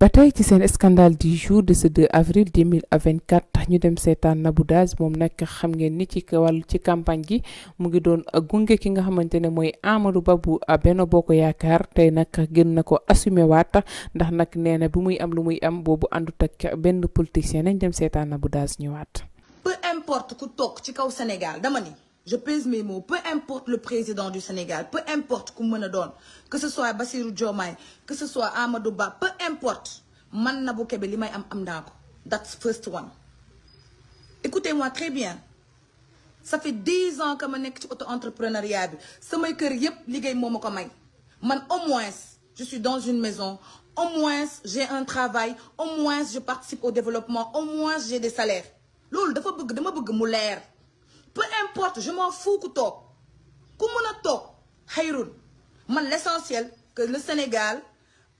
ba tey ci seen scandale du jour de ce 2 avril 2024 tax ñu dem seetaan na bu Dash moom nag xam ngeen ni ci wàllu ci campagne gi mu ngi doon gunge ki nga xamante ne mooy amalu Ba bu Benno Bokk Yaakaar tey nag gën na ko assumer waat ndax nag nee na bu muy am lu muy am boobu àndut ak benn politicien nañ dem seetaan na Nabou Dash ñëwaat. peu importe ku toog ci kaw Sénégal dama ni. je pèse mes mots peu importe le président du Sénégal peu importe comment on donne, que ce soit Bassirou Diomaye que ce soit Amadou Ba peu importe man Nabou Kébé li am am that's first one. écoutez-moi très bien ça fait 10 ans que je suis ci auto-entrepreneuriat bi samay kër le même que man au moins je suis dans une maison au moins j'ai un travail au moins je participe au développement au moins j'ai des salaires C'est dafa bëgg dama bëgg mu peu importe je m'en fous ku toog ku mën a man l'essentiel que le Sénégal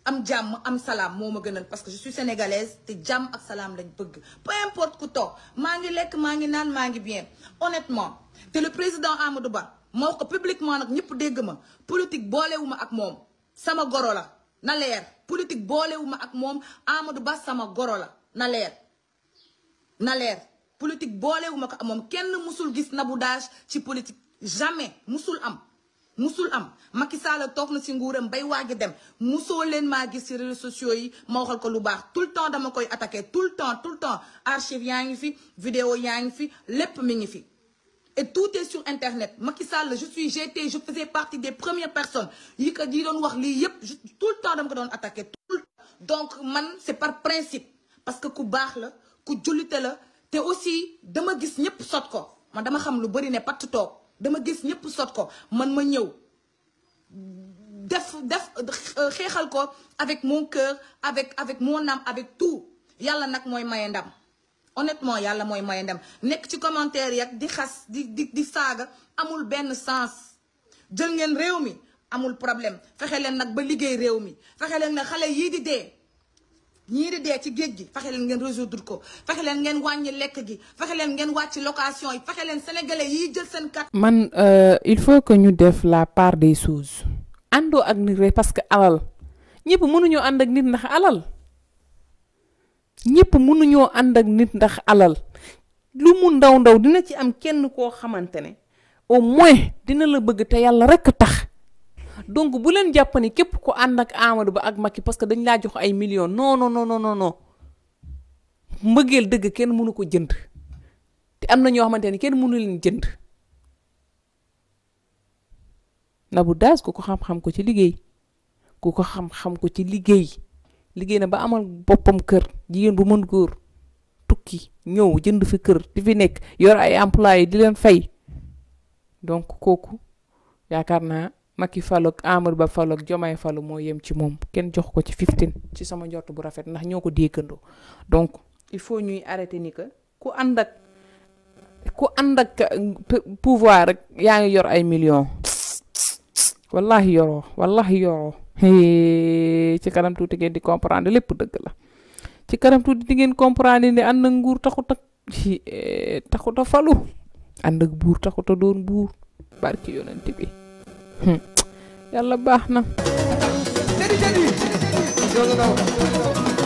am jam am salam moo gënal parce que je suis sénégalaise te jam ak salam lañ bëgg peu importe ku tok lek ngi nan mangi ngi bien honnêtement te le président Amadou Ba Moko ko publiquement nak ñëpp dégg ma politique boléwuma ak mom sama goro la na leer politique boléwuma ak mom Amadou Ba sama goro la na leer na leer politique boolewuma ko mom kenn musul gis Nabou ci politique jamais musul am musul am Macky Sall toog na ci ngouram bay waagi dem musoo len ma gis ci réseaux sociaux yi ma waxal ko lu baax tout le temps dama koy attaqué tout le temps tout le temps archive yaa fi vidéo yaa fi lepp mi ngi fi et tout est sur internet Macky Sall je suis j'étais je faisais partie des premières personnes yi ko di doon wax li yépp tout le temps dama ko doon attaqué tout le temps donc man c'est par principe parce que ku baax la ku jullite la te aussi dama gis ñëpp sot ko man dama xam lu bëri ne patt toog dama gis ñëpp sot ko man ma ñëw def def ko avec mon cœur avec avec mon âme avec tout Yalla nak mooy maye ndam honnêtement yalla mooy maye ndam nekk ci commentaire yak di xas di di di saaga amul ben sens jël ngeen mi problème faire nak nag ba liggéey réew mi fexe leen ñii di dee ci géej gi fexe leen ngeen résoudre ko fexe leen ngeen wàññi lekk gi fexe leen ngeen wàcc location yi fexe leen sénégalais yiy jël seen kat. man euh, il faut que ñu def la part des choses. àndoo ak nit rek parce que alal ñëpp mënuñoo ànd ak nit ndax alal ñëpp mënuñoo ànd ak nit ndax alal lu mu ndaw ndaw dina ci am kenn koo xamante ne au moins dina la bëgg te yàlla rek tax. donc bu leen jàpp ne képp ko ànd ak Amadou Ba ak Macky parce que dañ laa jox ay millions non non non mbëggeel dëgg kenn mënu ko jënd te am na ñoo xamante ne kenn mënu leen jënd Nabou Dash ku ko xam-xam ko ci liggéey ku ko xam-xam ko ci liggéey liggéey na ba amal boppam kër jigéen bu mën góor tukki ñëw jënd fi kër di fi nekk yor ay employé di leen fay donc kooku yaakaar naa. Macky faloog Amadou Ba faloog jomay falu mo yem ci mom ken jox ko ci 15 ci sama njort bu rafet ndax ñoko ko donc il faut ñuy arrêter ni que ku andak, ku andak, pouvoir rek yaa ngi yor ay millions wallahi yoro wallahi yoro ci karam tuuti ngeen di comprendre lepp deug la ci karam tuuti di ngeen comprendre ni and ak nguur taxu tak eh, taxu a falu and ak buur taxu a doon bur barki yonent bi hmm. yàlla baax na